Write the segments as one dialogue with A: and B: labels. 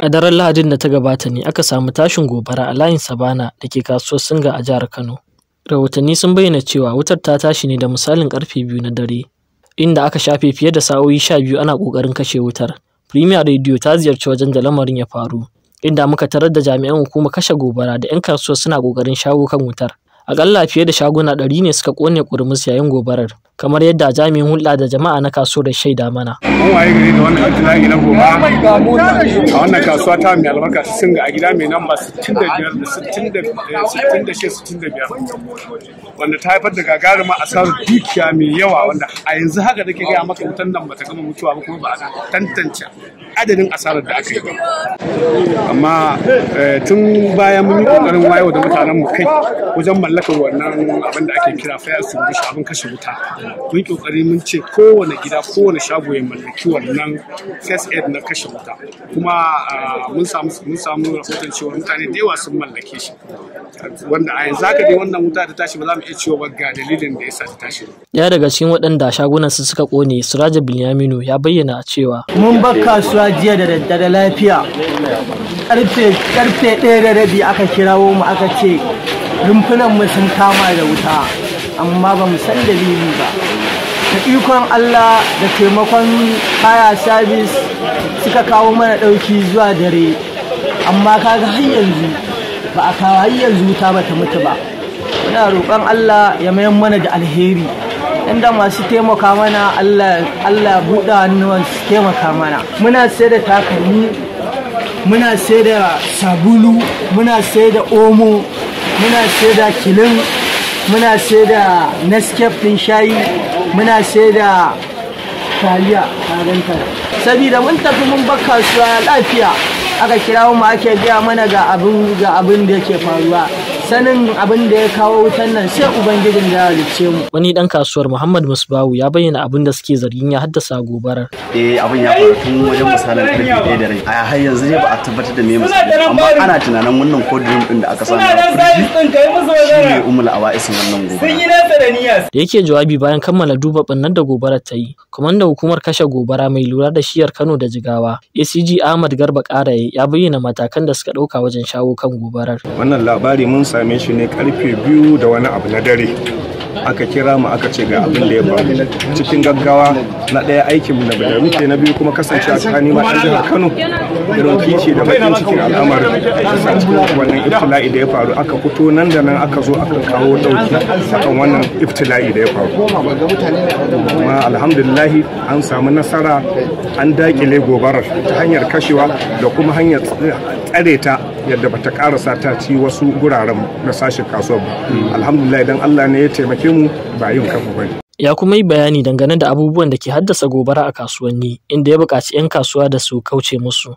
A: A daren Lahadin da ta gabata ne aka samu tashin gobara a layin Sabana da ke kasuwar Singa a jihar Kano. Rahotanni sun bayyana cewa wutar ta tashi ne da misalin karfe biyu na dare, inda aka shafe fiye da sa'o'i sha biyu ana ƙoƙarin kashe wutar. Premier Radio ta ziyarci wajen da lamarin ya faru, inda muka tarar da jami'an hukumar kashe gobara da 'yan kasuwa suna ƙoƙarin shago kan wutar. Aƙalla fiye da shaguna ɗari ne suka ƙone ƙurmus yayin gobarar, kamar yadda jami'in hulɗa da jama'a na kasuwar shaida mana. Mun
B: waye gari da wannan arzikin na goma a wannan kasuwa ta mai albarka sun ga a gida mai namba 65 da 65 eh, wanda ta haifar da gagaruma asarar dukiya mai yawa wanda a yanzu haka da ke gaya maka wutan nan bata gama mutuwa ba kuma ba a tantance adadin asarar da aka yi ba. Amma eh, tun bayan mun yi ƙoƙarin wayo da mu kai wajen mallakar wannan abin da ake kira fire extinguisher abin kashe wuta. mun kokari mun ce kowane gida kowane shago ya mallaki wannan first aid na kashe wuta kuma mun samu mun samu rahoton cewa mutane da yawa sun mallake shi wanda a yanzu haka dai wannan wuta ta tashi ba za mu iya cewa ga dalilin da yasa ta tashi
A: ya daga cikin waɗanda shagunan su suka kone Suraja Bilyaminu ya bayyana cewa mun bar kasuwa jiya da daddare lafiya
C: karfe karfe 1 da rabi aka kirawo mu aka ce rumfunan mu sun kama da wuta amma ba mu san dalili ba da ikon Allah da taimakon haya sabis suka kawo mana ɗauki zuwa dare amma kaga har yanzu ba a kawo har yanzu wuta ba ta mutu ba Ina roƙon Allah ya mayan mana da alheri inda masu taimaka mana Allah Allah buɗe hannuwan su taimaka mana muna sai da takalmi muna sai da sabulu muna sai da omo muna sai da kilin muna sai da nescape din shayi muna sai da taliya karanta saboda mun tafi mun bar kasuwa lafiya
A: aka kira mu ake biya mana ga abin da ke faruwa sanin abin da ya kawo wutan nan sai ubangijin da ya halicce mu wani dan kasuwar Muhammad Musbahu ya bayyana abin da suke zargin ya haddasa gobarar eh abin ya faru tun wajen misalan karfi ɗaya da rai a har yanzu ne ba a tabbatar da me musu. amma ana tunanin wannan ko dream din da aka samu shine umul awa'isin wannan gobara sun yi nasa da niyyar da yake jawabi bayan kammala duba bannan da gobarar ta yi da hukumar kashe gobara mai lura da shiyar Kano da Jigawa ACG Ahmad Garba Karaye ya bayyana matakan da suka ɗauka wajen shawo kan gobarar
D: wannan labari mun sa same shi ne karfe biyu da wani abu na dare aka kira mu aka ce ga abin da ya faru cikin gaggawa na ɗaya aikin da da muke na biyu kuma kasance a tsakani ma ɗan jihar Kano irin kishi da bakin cikin alamar a cikin wannan iftila'i da ya faru aka fito nan da nan aka zo aka kawo ɗauki akan wannan iftila'i da ya faru amma alhamdulillahi an samu nasara an dakile gobarar ta hanyar kashewa da kuma hanyar tsare ta yadda bata karasa ta ci wasu guraren na sashen kasuwar ba hmm. alhamdulillah idan allah ne ya taimake mu ba yin kanmu bane
A: ya kuma yi bayani dangane da abubuwan da ke haddasa gobara a kasuwanni inda ya buƙaci 'yan kasuwa da su kauce musu.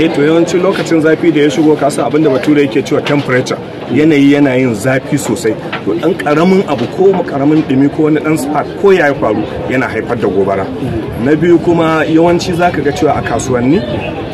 A: eh
D: to yawanci lokacin zafi da ya shigo kasa abin da bature yake cewa temperature yanayi yana yin zafi sosai to dan karamin abu ko karamin dumi ko wani dan spark ko ya faru yana haifar da gobara na biyu kuma yawanci zaka ga cewa a kasuwanni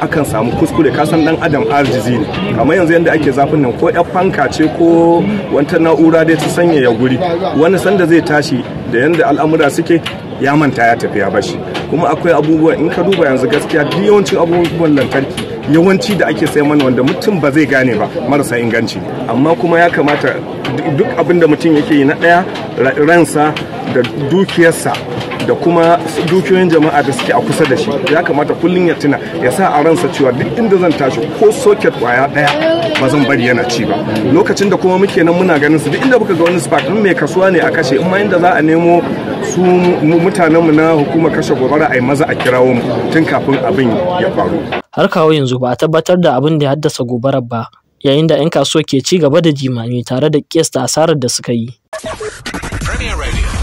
D: akan samu kuskure kasan dan adam arjizi ne kamar yanzu yadda ake zafin nan ko yar fanka ce ko wata na'ura dai ta sanya ya guri wani sanda zai tashi da yadda al'amura suke ya manta ya tafi ya bashi kuma akwai abubuwa in ka duba yanzu gaskiya duk yawancin abubuwan lantarki yawanci da ake sai mana wanda mutum ba zai gane ba marasa inganci amma kuma ya kamata duk abin da mutum yake yi na ɗaya ransa da dukiyarsa da kuma dukiyoyin jama'a da suke a kusa da shi ya kamata kullum ya tuna ya sa a ransa cewa duk inda zan tashi ko socket kwaya daya ba zan bari yana ci ba lokacin da kuma muke nan muna ganin su duk inda muka ga wani spark in mai kasuwa ne a kashe in ma inda za a nemo su mutanenmu na hukumar kashe gobara a yi maza a kirawo mu tun kafin abin ya faru
A: har kawo yanzu ba a tabbatar da abin da ya haddasa gobarar ba yayin da 'yan kasuwa ke ci gaba da jimami tare da kesta asarar da suka yi
C: Premier Radio.